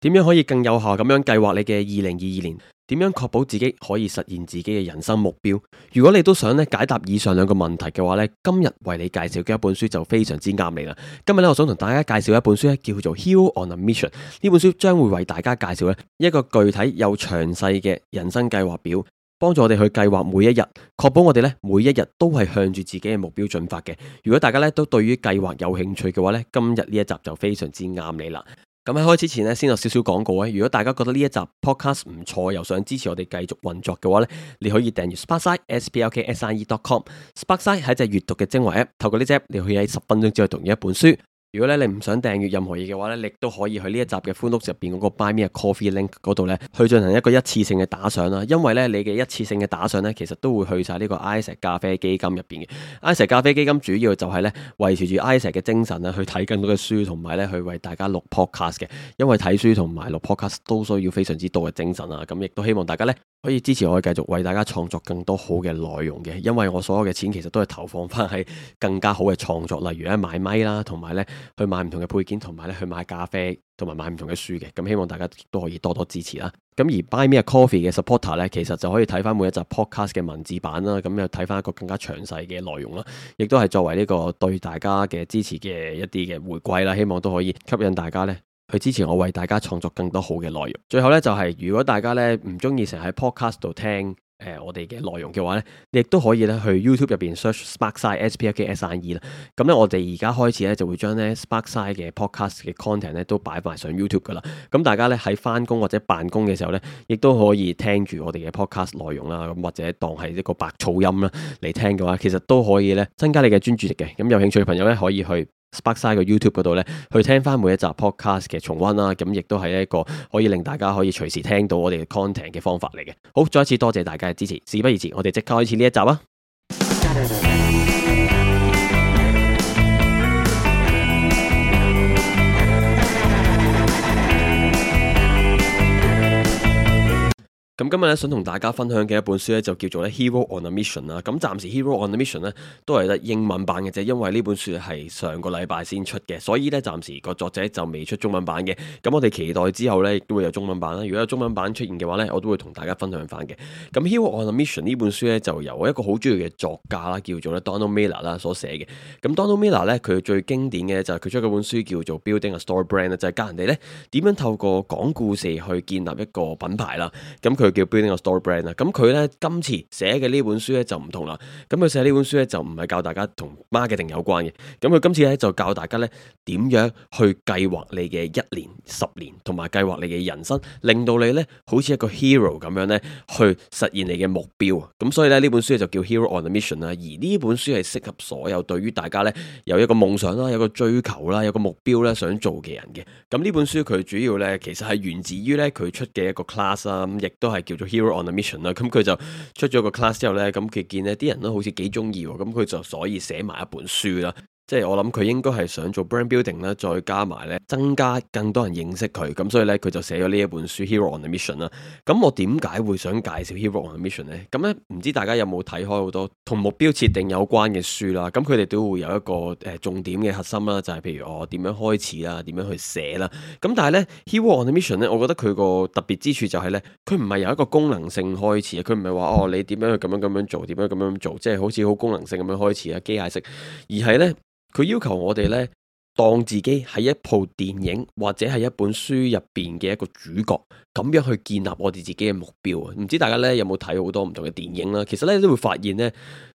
點樣可以更有效咁樣計劃你嘅二零二二年？點樣確保自己可以實現自己嘅人生目標？如果你都想咧解答以上兩個問題嘅話咧，今日為你介紹嘅一本書就非常之啱你啦。今日咧，我想同大家介紹一本書咧，叫做《Hero on a Mission》。呢本書將會為大家介紹咧一個具體又詳細嘅人生計劃表，幫助我哋去計劃每一日，確保我哋咧每一日都係向住自己嘅目標進發嘅。如果大家咧都對於計劃有興趣嘅話咧，今日呢一集就非常之啱你啦。咁喺開之前呢，先有少少廣告啊！如果大家覺得呢一集 podcast 唔錯，又想支持我哋繼續運作嘅話咧，你可以訂閱 SparkSine, sparksine dot com。SparkSine 係一隻閲讀嘅精華 App，透過呢隻 app，你可以喺十分鐘之內讀完一本書。如果咧你唔想訂閱任何嘢嘅話咧，你都可以去呢一集嘅歡屋入邊嗰個 Buy Me a Coffee Link 度咧，去進行一個一次性嘅打賞啦。因為咧你嘅一次性嘅打賞咧，其實都會去晒呢個 Isaac 咖啡基金入邊嘅。Isaac 咖啡基金主要就係咧維持住 Isaac 嘅精神啦，去睇更多嘅書，同埋咧去為大家錄 Podcast 嘅。因為睇書同埋錄 Podcast 都需要非常之多嘅精神啊。咁亦都希望大家咧。可以支持我去繼續為大家創作更多好嘅內容嘅，因為我所有嘅錢其實都係投放翻喺更加好嘅創作，例如咧買咪啦，同埋咧去買唔同嘅配件，同埋咧去買咖啡，同埋買唔同嘅書嘅。咁希望大家都可以多多支持啦。咁而 buy me a coffee 嘅 supporter 咧，其實就可以睇翻每一集 podcast 嘅文字版啦，咁又睇翻一個更加詳細嘅內容啦。亦都係作為呢個對大家嘅支持嘅一啲嘅回饋啦，希望都可以吸引大家咧。去支持我為大家創作更多好嘅內容。最後咧，就係如果大家咧唔中意成日喺 podcast 度聽誒我哋嘅內容嘅話咧，亦都可以咧去 YouTube 入邊 search Sparkside S, S P SP A K S R E 啦。咁咧，我哋而家開始咧就會將咧 Sparkside 嘅 podcast 嘅 content 咧都擺埋上 YouTube 噶啦。咁大家咧喺翻工或者辦公嘅時候咧，亦都可以聽住我哋嘅 podcast 內容啦。咁或者當係一個白噪音啦嚟聽嘅話，其實都可以咧增加你嘅專注力嘅。咁有興趣嘅朋友咧，可以去。Sparkside 嘅 YouTube 嗰度咧，去聽翻每一集 Podcast 嘅重溫啦。啊，咁亦都係一個可以令大家可以隨時聽到我哋嘅 content 嘅方法嚟嘅。好，再一次多謝大家嘅支持，事不宜遲，我哋即刻開始呢一集啊！咁今日咧想同大家分享嘅一本書咧就叫做《Hero on a Mission》啦。咁暫時《Hero on a Mission》咧都係咧英文版嘅啫，因為呢本書係上個禮拜先出嘅，所以咧暫時個作者就未出中文版嘅。咁我哋期待之後咧都會有中文版啦。如果有中文版出現嘅話咧，我都會同大家分享翻嘅。咁《Hero on a Mission》呢本書咧就由一個好中意嘅作家啦，叫做咧 Donald Miller 啦所寫嘅。咁 Donald Miller 咧佢最經典嘅就係佢出嗰本書叫做《Building a Story Brand》就係、是、教人哋咧點樣透過講故事去建立一個品牌啦。咁佢。叫 Building a StoryBrand 啦，咁佢咧今次寫嘅呢本書咧就唔同啦，咁佢寫呢本書咧就唔係教大家同 marketing 有關嘅，咁佢今次咧就教大家咧點樣去計劃你嘅一年、十年，同埋計劃你嘅人生，令到你咧好似一個 hero 咁樣咧去實現你嘅目標，啊，咁所以咧呢本書就叫 Hero on a Mission 啦，而呢本書係適合所有對於大家咧有一個夢想啦、有個追求啦、有個目標咧想做嘅人嘅，咁呢本書佢主要咧其實係源自於咧佢出嘅一個 class 啊，亦都係。叫做 Hero on a Mission 啦，咁佢就出咗個 class 之後咧，咁佢見咧啲人都好似幾中意咁，咁佢就所以寫埋一本書啦。即係我諗佢應該係想做 brand building 啦，再加埋咧增加更多人認識佢，咁所以咧佢就寫咗呢一本書《Hero on a Mission》啦。咁我點解會想介紹《Hero on a Mission》咧？咁咧唔知大家有冇睇開好多同目標設定有關嘅書啦？咁佢哋都會有一個誒、呃、重點嘅核心啦，就係、是、譬如我點、哦、樣開始啦，點樣去寫啦。咁但係咧，《Hero on a Mission》咧，我覺得佢個特別之處就係咧，佢唔係由一個功能性開始啊，佢唔係話哦你點樣去咁樣咁樣做，點樣咁樣做，即係好似好功能性咁樣開始啊機械式，而係咧。佢要求我哋呢，當自己係一部電影或者係一本書入邊嘅一個主角，咁樣去建立我哋自己嘅目標啊！唔知大家呢有冇睇好多唔同嘅電影啦？其實呢都會發現呢，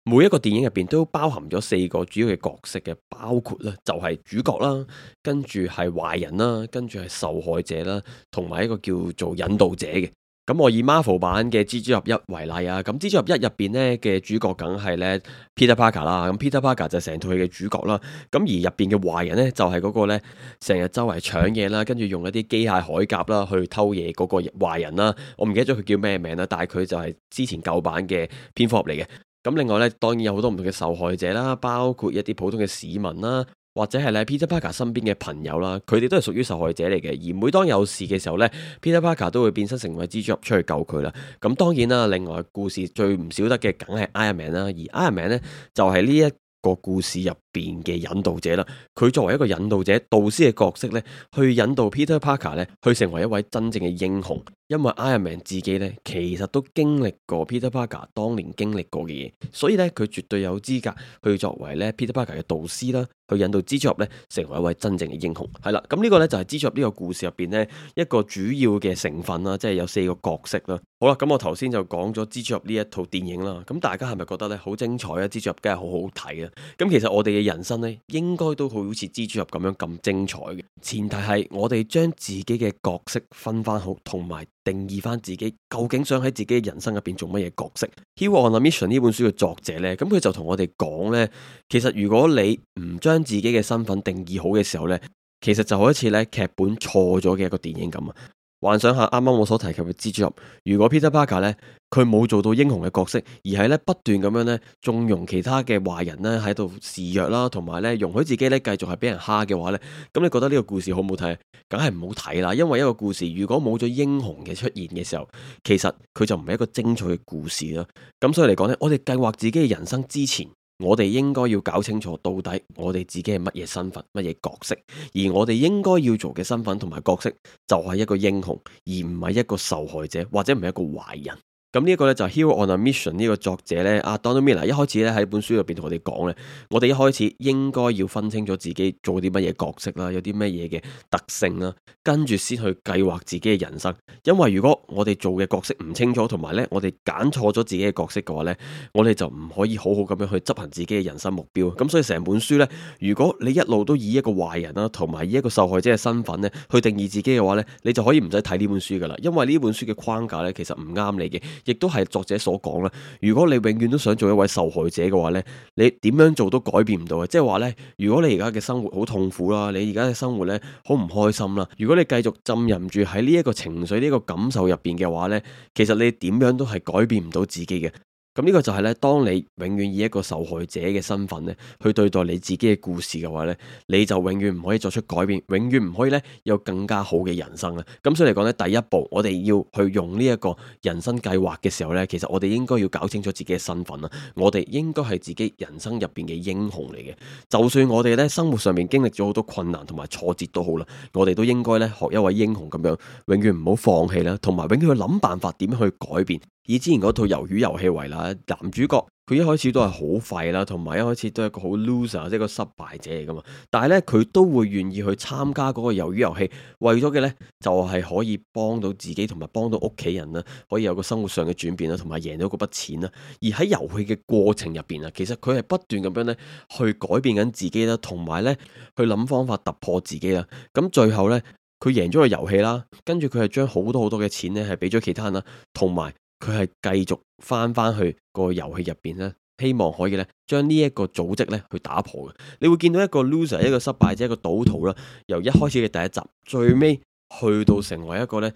每一個電影入邊都包含咗四個主要嘅角色嘅，包括呢就係主角啦，跟住係壞人啦，跟住係受害者啦，同埋一個叫做引導者嘅。咁我以 Marvel 版嘅蜘蛛俠一為例啊，咁蜘蛛俠一入邊咧嘅主角梗係咧 Peter Parker 啦，咁 Peter Parker 就成套戲嘅主角啦。咁而入邊嘅壞人咧，就係、是、嗰個咧成日周圍搶嘢啦，跟住用一啲機械海甲啦去偷嘢嗰個壞人啦。我唔記得咗佢叫咩名啦，但係佢就係之前舊版嘅蝙蝠俠嚟嘅。咁另外咧，當然有好多唔同嘅受害者啦，包括一啲普通嘅市民啦。或者係咧 Peter Parker 身邊嘅朋友啦，佢哋都係屬於受害者嚟嘅。而每當有事嘅時候咧，Peter Parker 都會變身成為蜘蛛俠出去救佢啦。咁當然啦，另外故事最唔少得嘅，梗係 Iron Man 啦。而 Iron Man 咧，就係呢一個故事入面，變嘅引導者啦，佢作為一個引導者、導師嘅角色咧，去引導 Peter Parker 咧，去成為一位真正嘅英雄。因為 Iron Man 自己咧，其實都經歷過 Peter Parker 當年經歷過嘅嘢，所以呢，佢絕對有資格去作為咧 Peter Parker 嘅導師啦，去引導蜘蛛俠咧成為一位真正嘅英雄。係啦，咁呢個呢，就係蜘蛛俠呢個故事入邊呢一個主要嘅成分啦，即係有四個角色啦。好啦，咁我頭先就講咗蜘蛛俠呢一套電影啦，咁大家係咪覺得呢好精彩啊？蜘蛛俠梗係好好睇啊！咁其實我哋人生咧，應該都好似蜘蛛俠咁樣咁精彩嘅。前提係我哋將自己嘅角色分翻好，同埋定義翻自己究竟想喺自己人生入邊做乜嘢角色。《Hero on a Mission》呢本書嘅作者呢，咁佢就同我哋講呢，其實如果你唔將自己嘅身份定義好嘅時候呢，其實就好似呢劇本錯咗嘅一個電影咁啊。幻想下啱啱我所提及嘅蜘蛛俠，如果 Peter Parker 呢，佢冇做到英雄嘅角色，而係呢不斷咁樣呢縱容其他嘅壞人呢喺度示弱啦，同埋呢容許自己呢繼續係俾人蝦嘅話呢，咁你覺得呢個故事好唔好睇？梗係唔好睇啦，因為一個故事如果冇咗英雄嘅出現嘅時候，其實佢就唔係一個精彩嘅故事啦。咁所以嚟講呢，我哋計劃自己嘅人生之前，我哋應該要搞清楚，到底我哋自己係乜嘢身份、乜嘢角色，而我哋應該要做嘅身份同埋角色，就係一個英雄，而唔係一個受害者，或者唔係一個壞人。咁呢一個咧就《Hero on a Mission》呢個作者咧，阿 Donald Miller 一開始咧喺本書入邊同我哋講咧，我哋一開始應該要分清楚自己做啲乜嘢角色啦，有啲乜嘢嘅特性啦，跟住先去計劃自己嘅人生。因為如果我哋做嘅角色唔清楚，同埋咧我哋揀錯咗自己嘅角色嘅話咧，我哋就唔可以好好咁樣去執行自己嘅人生目標。咁所以成本書咧，如果你一路都以一個壞人啦，同埋以一個受害者嘅身份咧去定義自己嘅話咧，你就可以唔使睇呢本書噶啦，因為呢本書嘅框架咧其實唔啱你嘅。亦都係作者所講啦。如果你永遠都想做一位受害者嘅話咧，你點樣做都改變唔到嘅。即係話咧，如果你而家嘅生活好痛苦啦，你而家嘅生活咧好唔開心啦，如果你繼續浸淫住喺呢一個情緒、呢個感受入邊嘅話咧，其實你點樣都係改變唔到自己嘅。咁呢個就係咧，當你永遠以一個受害者嘅身份咧，去對待你自己嘅故事嘅話咧，你就永遠唔可以作出改變，永遠唔可以咧有更加好嘅人生啦。咁、嗯、所以嚟講咧，第一步我哋要去用呢一個人生計劃嘅時候咧，其實我哋應該要搞清楚自己嘅身份啦。我哋應該係自己人生入邊嘅英雄嚟嘅，就算我哋咧生活上面經歷咗好多困難同埋挫折都好啦，我哋都應該咧學一位英雄咁樣，永遠唔好放棄啦，同埋永遠去諗辦法點去改變。以之前嗰套魷魚遊戲為例，男主角佢一開始都係好廢啦，同埋一開始都係一個好 loser，即係一個失敗者嚟噶嘛。但係咧，佢都會願意去參加嗰個魷魚遊戲，為咗嘅咧就係、是、可以幫到自己，同埋幫到屋企人啦，可以有個生活上嘅轉變啦，同埋贏到嗰筆錢啦。而喺遊戲嘅過程入邊啊，其實佢係不斷咁樣咧去改變緊自己啦，同埋咧去諗方法突破自己啦。咁最後咧，佢贏咗個遊戲啦，跟住佢係將好多好多嘅錢咧係俾咗其他人啦，同埋。佢係繼續翻翻去個遊戲入邊咧，希望可以咧將呢一個組織咧去打破嘅。你會見到一個 loser，一個失敗者，一個賭徒啦。由一開始嘅第一集，最尾去到成為一個咧，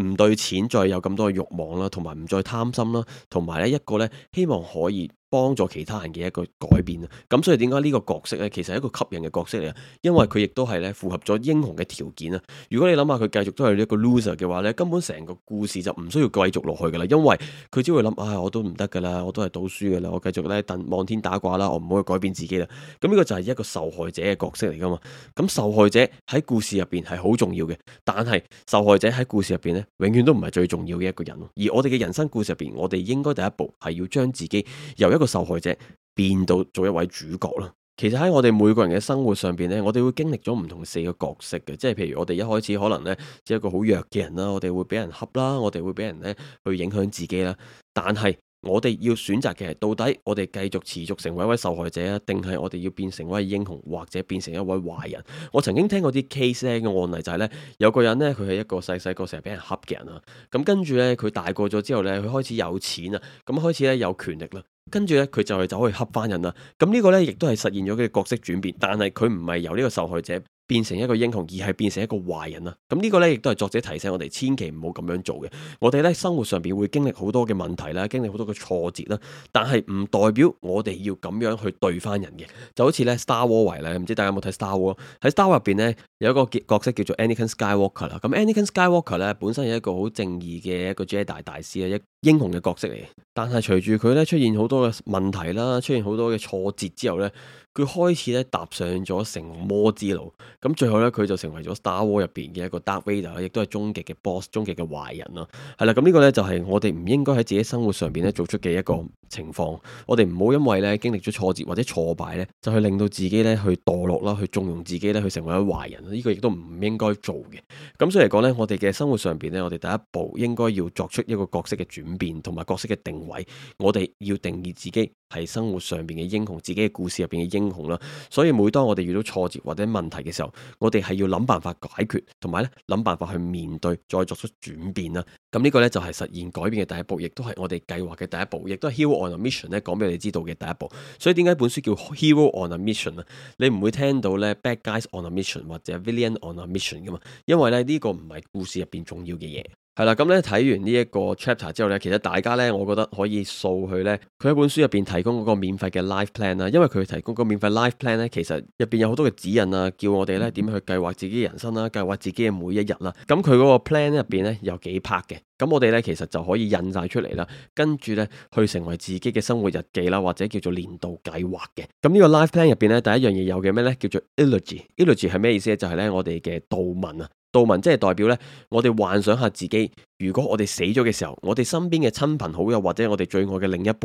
唔對錢再有咁多嘅慾望啦，同埋唔再貪心啦，同埋咧一個咧希望可以。幫助其他人嘅一個改變啦，咁所以點解呢個角色呢？其實係一個吸引嘅角色嚟啊，因為佢亦都係咧符合咗英雄嘅條件啦。如果你諗下佢繼續都係一個 loser 嘅話咧，根本成個故事就唔需要繼續落去噶啦，因為佢只會諗啊、哎，我都唔得噶啦，我都係賭輸噶啦，我繼續咧等望天打卦啦，我唔好去改變自己啦。咁呢個就係一個受害者嘅角色嚟噶嘛。咁受害者喺故事入邊係好重要嘅，但係受害者喺故事入邊咧，永遠都唔係最重要嘅一個人。而我哋嘅人生故事入邊，我哋應該第一步係要將自己由一。個受害者變到做一位主角啦。其實喺我哋每個人嘅生活上邊咧，我哋會經歷咗唔同四個角色嘅，即係譬如我哋一開始可能咧，即係一個好弱嘅人啦，我哋會俾人恰啦，我哋會俾人咧去影響自己啦。但係，我哋要選擇嘅係到底我哋繼續持續成為一位受害者啊，定係我哋要變成一位英雄，或者變成一位壞人？我曾經聽過啲 case 嘅案例就係呢：有個人呢，佢係一個細細個成日俾人恰嘅人啊，咁跟住呢，佢大個咗之後呢，佢開始有錢啊，咁開始呢，有權力啦，跟住呢，佢就係就可以恰翻人啦。咁呢個呢，亦都係實現咗佢嘅角色轉變，但係佢唔係由呢個受害者。變成一個英雄，而係變成一個壞人啦。咁呢個呢，亦都係作者提醒我哋，千祈唔好咁樣做嘅。我哋呢，生活上邊會經歷好多嘅問題啦，經歷好多嘅挫折啦，但係唔代表我哋要咁樣去對翻人嘅。就好似呢《Star War》為例，唔知大家有冇睇《Star War》？喺《Star》入邊呢，有一個角色叫做 Anakin Skywalker 啦。咁 Anakin Skywalker 呢，本身係一個好正義嘅一個 Jedi 大師啦，英雄嘅角色嚟，但係隨住佢咧出現好多嘅問題啦，出現好多嘅挫折之後咧，佢開始咧踏上咗成魔之路，咁最後咧佢就成為咗 Star War 入邊嘅一個 Dark Vader 啦，亦都係終極嘅 Boss、終極嘅壞人啦，係啦，咁呢個咧就係我哋唔應該喺自己生活上邊咧做出嘅一個情況，我哋唔好因為咧經歷咗挫折或者挫敗咧，就去令到自己咧去墮落啦，去縱容自己咧去成為咗壞人，呢個亦都唔應該做嘅。咁所以嚟講咧，我哋嘅生活上邊咧，我哋第一步應該要作出一個角色嘅轉邊同埋角色嘅定位，我哋要定義自己係生活上邊嘅英雄，自己嘅故事入邊嘅英雄啦。所以每當我哋遇到挫折或者問題嘅時候，我哋係要諗辦法解決，同埋咧諗辦法去面對，再作出轉變啦。咁呢個咧就係實現改變嘅第一步，亦都係我哋計劃嘅第一步，亦都係 Hero on a Mission 咧講俾你知道嘅第一步。所以點解本書叫 Hero on a Mission 啊？你唔會聽到咧 Bad Guys on a Mission 或者 Villain on a Mission 噶嘛？因為咧呢個唔係故事入邊重要嘅嘢。係啦，咁咧睇完呢一個 chapter 之後呢，其實大家呢，我覺得可以掃佢呢。佢喺本書入邊提供嗰個免費嘅 life plan 啦。因為佢提供個免費 life plan 呢，其實入邊有好多嘅指引啊，叫我哋呢點去計劃自己人生啦，計劃自己嘅每一日啦。咁佢嗰個 plan 入邊呢，有幾 part 嘅，咁我哋呢，其實就可以印晒出嚟啦，跟住呢去成為自己嘅生活日記啦，或者叫做年度計劃嘅。咁呢個 life plan 入邊呢，第一樣嘢有嘅咩呢？叫做 eulogy。eulogy 係咩意思呢？就係呢，我哋嘅悼文啊。悼文即係代表咧，我哋幻想下自己，如果我哋死咗嘅時候，我哋身邊嘅親朋好友或者我哋最愛嘅另一半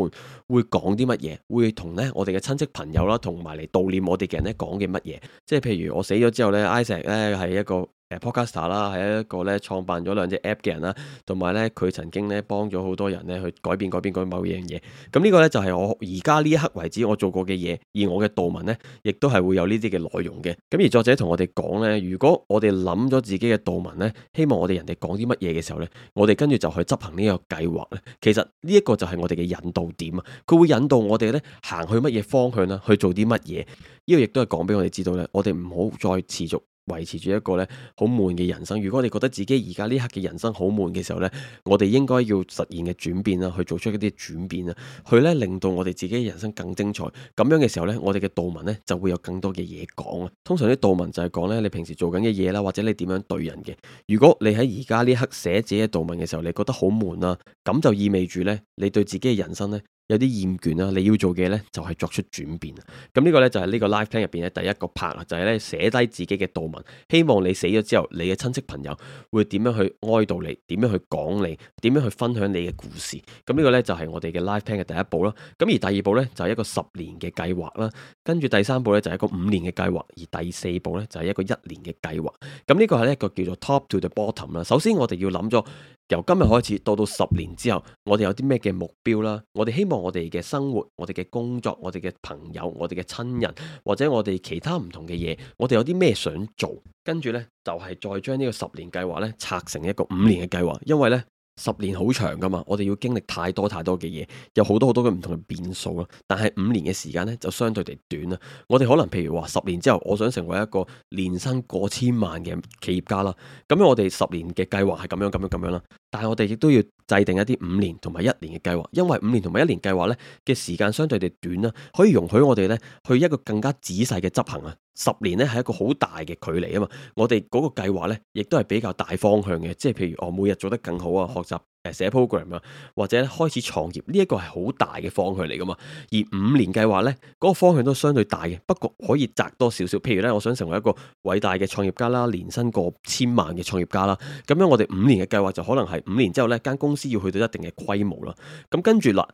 會，會講啲乜嘢？會同咧我哋嘅親戚朋友啦，同埋嚟悼念我哋嘅人咧，講嘅乜嘢？即係譬如我死咗之後咧，Isaac 咧係一個。誒，Podcaster 啦，係一個咧，創辦咗兩隻 App 嘅人啦，同埋咧佢曾經咧幫咗好多人咧去改變改變改某一樣嘢。咁呢個咧就係我而家呢一刻為止我做過嘅嘢，而我嘅悼文咧亦都係會有呢啲嘅內容嘅。咁而作者同我哋講咧，如果我哋諗咗自己嘅悼文咧，希望我哋人哋講啲乜嘢嘅時候咧，我哋跟住就去執行呢個計劃咧。其實呢一個就係我哋嘅引導點啊，佢會引導我哋咧行去乜嘢方向啦，去做啲乜嘢。呢、這個亦都係講俾我哋知道咧，我哋唔好再持續。維持住一個咧好悶嘅人生。如果你覺得自己而家呢刻嘅人生好悶嘅時候，呢我哋應該要實現嘅轉變啦，去做出一啲轉變啊，去咧令到我哋自己嘅人生更精彩。咁樣嘅時候呢，我哋嘅道文呢就會有更多嘅嘢講啊。通常啲道文就係講呢：「你平時做緊嘅嘢啦，或者你點樣對人嘅。」如果你喺而家呢刻寫自己嘅道文嘅時候，你覺得好悶啊，咁就意味住呢，你對自己嘅人生呢。有啲厭倦啦，你要做嘅呢就係作出轉變啊！咁呢個呢，就係呢個 life plan 入邊嘅第一個 part 啦就係呢寫低自己嘅悼文，希望你死咗之後，你嘅親戚朋友會點樣去哀悼你，點樣去講你，點樣去分享你嘅故事。咁呢個呢，就係我哋嘅 life plan 嘅第一步啦。咁而第二步呢，就係一個十年嘅計劃啦，跟住第三步呢，就係一個五年嘅計劃，而第四步呢，就係一個一年嘅計劃。咁呢個係一個叫做 top to the bottom 啦。首先我哋要諗咗。由今日開始，到到十年之後，我哋有啲咩嘅目標啦？我哋希望我哋嘅生活、我哋嘅工作、我哋嘅朋友、我哋嘅親人，或者我哋其他唔同嘅嘢，我哋有啲咩想做？跟住咧，就係再將呢個十年計劃咧拆成一個五年嘅計劃，因為咧。十年好長噶嘛，我哋要經歷太多太多嘅嘢，有好多好多嘅唔同嘅變數咯。但係五年嘅時間呢，就相對地短啦。我哋可能譬如話，十年之後，我想成為一個年薪過千萬嘅企業家啦。咁樣我哋十年嘅計劃係咁樣、咁樣、咁樣啦。但係我哋亦都要制定一啲五年同埋一年嘅計劃，因為五年同埋一年計劃咧嘅時間相對地短啦，可以容許我哋咧去一個更加仔細嘅執行啊。十年咧係一個好大嘅距離啊嘛，我哋嗰個計劃咧亦都係比較大方向嘅，即係譬如我每日做得更好啊，學習。寫 program 啊，或者開始創業呢一個係好大嘅方向嚟噶嘛，而五年計劃呢嗰、嗰個方向都相對大嘅，不過可以窄多少少。譬如呢，我想成為一個偉大嘅創業家啦，年薪過千萬嘅創業家啦，咁樣我哋五年嘅計劃就可能係五年之後呢間公司要去到一定嘅規模啦。咁跟住啦，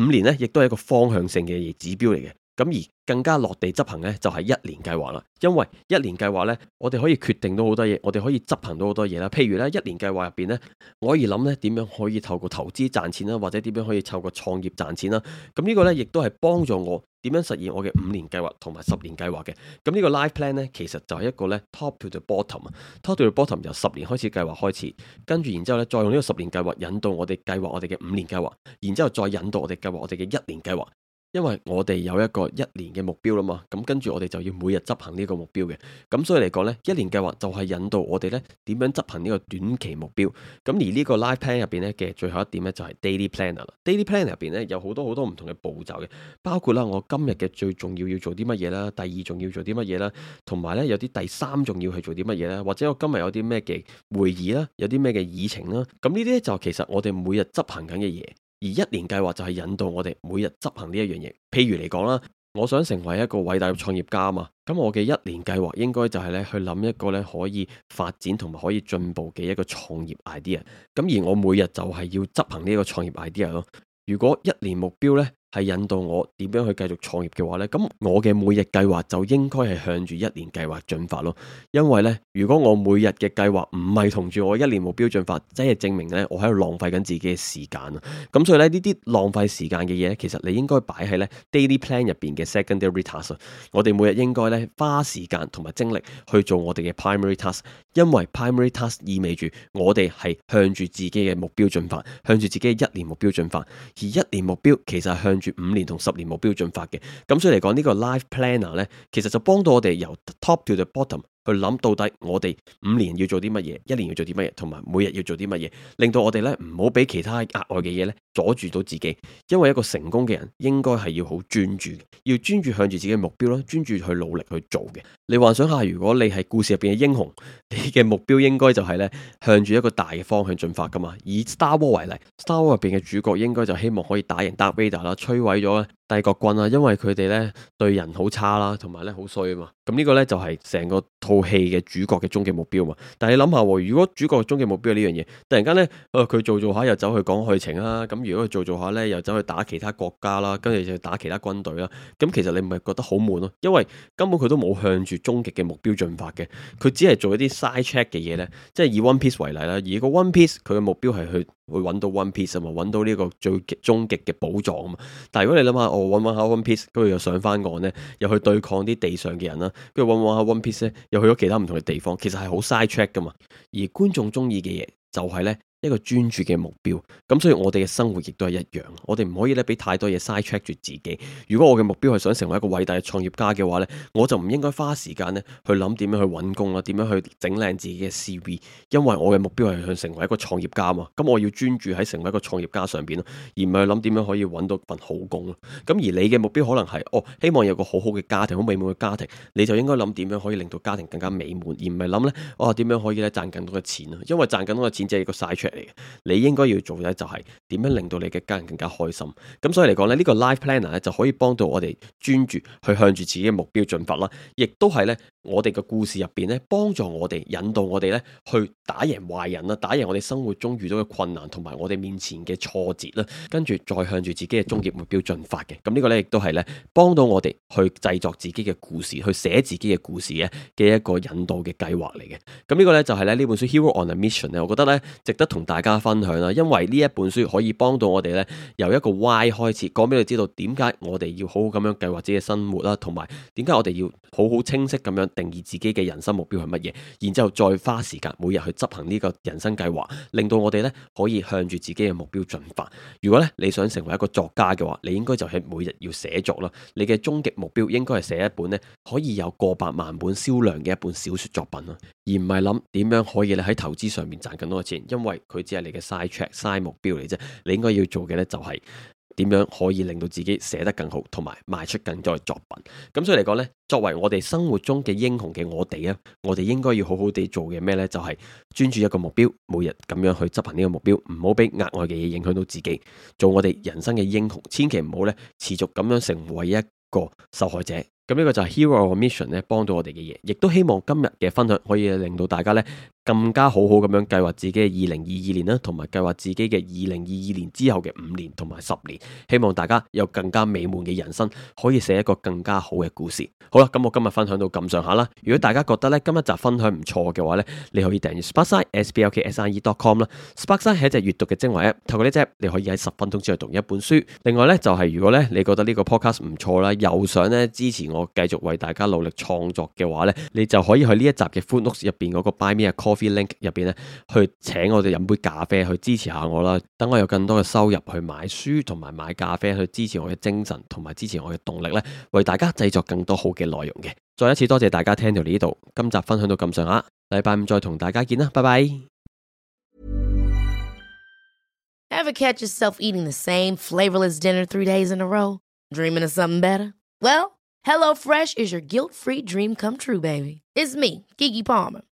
五年呢亦都係一個方向性嘅指標嚟嘅。咁而更加落地執行咧，就係一年計劃啦。因為一年計劃呢，我哋可以決定到好多嘢，我哋可以執行到好多嘢啦。譬如呢，一年計劃入邊呢，我可以諗呢點樣可以透過投資賺錢啦，或者點樣可以透過創業賺錢啦。咁呢個呢，亦都係幫助我點樣實現我嘅五年計劃同埋十年計劃嘅。咁呢個 life plan 呢，其實就係一個呢 top to the bottom，top to the bottom 由十年開始計劃開始，跟住然之後呢，再用呢個十年計劃引導我哋計劃我哋嘅五年計劃，然之後再引導我哋計劃我哋嘅一年計劃。因為我哋有一個一年嘅目標啦嘛，咁跟住我哋就要每日執行呢個目標嘅，咁所以嚟講呢，一年計劃就係引導我哋呢點樣執行呢個短期目標，咁而呢個 live plan 入邊呢嘅最後一點呢，就係 daily planner 啦，daily planner 入邊呢有好多好多唔同嘅步驟嘅，包括啦我今日嘅最重要要做啲乜嘢啦，第二重要做啲乜嘢啦，同埋呢有啲第三重要去做啲乜嘢啦，或者我今日有啲咩嘅會議啦，有啲咩嘅議程啦，咁呢啲就其實我哋每日執行緊嘅嘢。而一年計劃就係引導我哋每日執行呢一樣嘢。譬如嚟講啦，我想成為一個偉大嘅創業家啊嘛，咁我嘅一年計劃應該就係咧去諗一個咧可以發展同埋可以進步嘅一個創業 idea。咁而我每日就係要執行呢個創業 idea 咯。如果一年目標呢，係引導我點樣去繼續創業嘅話呢，咁我嘅每日計劃就應該係向住一年計劃進發咯。因為呢，如果我每日嘅計劃唔係同住我一年目標進發，即係證明呢，我喺度浪費緊自己嘅時間啊。咁所以呢，呢啲浪費時間嘅嘢，其實你應該擺喺呢 daily plan 入邊嘅 secondary task。我哋每日應該呢，花時間同埋精力去做我哋嘅 primary task，因為 primary task 意味住我哋係向住自己嘅目標進發，向住自己嘅一年目標進發。而一年目標其實係向五年同十年目標進發嘅，咁所以嚟講，呢個 life planner 咧，其實就幫到我哋由 top to the bottom。去諗到底我哋五年要做啲乜嘢，一年要做啲乜嘢，同埋每日要做啲乜嘢，令到我哋呢唔好俾其他額外嘅嘢呢阻住到自己。因為一個成功嘅人應該係要好專注，要專注向住自己嘅目標啦，專注去努力去做嘅。你幻想下，如果你係故事入邊嘅英雄，你嘅目標應該就係呢：向住一個大嘅方向進發噶嘛。以 Star War 為例，Star War 入邊嘅主角應該就希望可以打贏 Darth Vader 啦，摧毀咗。帝國軍啦、啊，因為佢哋咧對人好差啦，同埋咧好衰啊嘛。咁呢個咧就係成個套戲嘅主角嘅終極目標啊。但係你諗下，如果主角嘅終極目標係呢樣嘢，突然間咧，哦佢做做下又走去講愛情啦，咁如果佢做做下咧又走去打其他國家啦，跟住就打其他軍隊啦，咁其實你咪覺得好悶咯？因為根本佢都冇向住終極嘅目標進發嘅，佢只係做一啲 sidetrack 嘅嘢咧，即係以 One Piece 為例啦、啊，而個 One Piece 佢嘅目標係去。會揾到 One Piece 啊嘛，揾到呢個最終極嘅寶藏啊嘛。但係如果你諗下，我揾揾下 One Piece，跟住又上翻岸咧，又去對抗啲地上嘅人啦，跟住揾揾下 One Piece 咧，又去咗其他唔同嘅地方，其實係好 side track 噶嘛。而觀眾中意嘅嘢就係呢。一個專注嘅目標，咁所以我哋嘅生活亦都係一樣。我哋唔可以咧，俾太多嘢 side track 住自己。如果我嘅目標係想成為一個偉大嘅創業家嘅話呢，我就唔應該花時間咧，去諗點樣去揾工啦，點樣去整靚自己嘅 C.V.，因為我嘅目標係想成為一個創業家啊嘛。咁我要專注喺成為一個創業家上邊咯，而唔係諗點樣可以揾到份好工。咁而你嘅目標可能係哦，希望有個好好嘅家庭，好美滿嘅家庭，你就應該諗點樣可以令到家庭更加美滿，而唔係諗呢，哦，哦，點樣可以咧賺更多嘅錢咯。因為賺更多嘅錢只係個 side track 你應該要做嘅，就係點樣令到你嘅家人更加開心。咁所以嚟講咧，呢、這個 Life Planner 就可以幫到我哋專注去向住自己嘅目標進發啦。亦我哋嘅故事入邊咧，幫助我哋引導我哋咧，去打贏壞人啦，打贏我哋生活中遇到嘅困難同埋我哋面前嘅挫折啦，跟住再向住自己嘅終極目標進發嘅。咁、這個、呢個咧，亦都係咧，幫到我哋去製作自己嘅故事，去寫自己嘅故事嘅嘅一個引導嘅計劃嚟嘅。咁、這個、呢個咧就係咧呢本書《Hero on a Mission》咧，我覺得咧值得同大家分享啦。因為呢一本書可以幫到我哋咧，由一個 Why 開始，講俾你知道點解我哋要好好咁樣計劃自己嘅生活啦，同埋點解我哋要好好清晰咁樣。定義自己嘅人生目標係乜嘢，然之後再花時間每日去執行呢個人生計劃，令到我哋咧可以向住自己嘅目標進發。如果咧你想成為一個作家嘅話，你應該就係每日要寫作啦。你嘅終極目標應該係寫一本咧可以有過百萬本銷量嘅一本小說作品啦，而唔係諗點樣可以咧喺投資上面賺更多嘅錢，因為佢只係你嘅 side track、side 目標嚟啫。你應該要做嘅呢就係、是。點樣可以令到自己寫得更好，同埋賣出更多嘅作品？咁所以嚟講呢，作為我哋生活中嘅英雄嘅我哋啊，我哋應該要好好地做嘅咩呢？就係專注一個目標，每日咁樣去執行呢個目標，唔好俾額外嘅嘢影響到自己，做我哋人生嘅英雄。千祈唔好呢，持續咁樣成為一個受害者。咁呢個就係 Hero Mission 咧，幫到我哋嘅嘢。亦都希望今日嘅分享可以令到大家呢。更加好好咁樣計劃自己嘅二零二二年啦，同埋計劃自己嘅二零二二年之後嘅五年同埋十年，希望大家有更加美滿嘅人生，可以寫一個更加好嘅故事。好啦，咁我今日分享到咁上下啦。如果大家覺得呢，今日集分享唔錯嘅話呢，你可以訂閱 Sparkside sbukside.com 啦。Sparkside 係一隻閱讀嘅精華 App，透過呢隻你可以喺十分鐘之後讀一本書。另外呢，就係如果咧你覺得呢個 podcast 唔錯啦，又想咧支持我繼續為大家努力創作嘅話呢，你就可以去呢一集嘅 Full Notes 入邊嗰個 Buy Me a Coffee Free Link 入邊咧，去請我哋飲杯咖啡，去支持下我啦。等我有更多嘅收入，去買書同埋買咖啡，去支持我嘅精神同埋支持我嘅動力咧，為大家製作更多好嘅內容嘅。再一次多謝大家聽到呢度，今集分享到咁上下，禮拜五再同大家見啦，拜拜。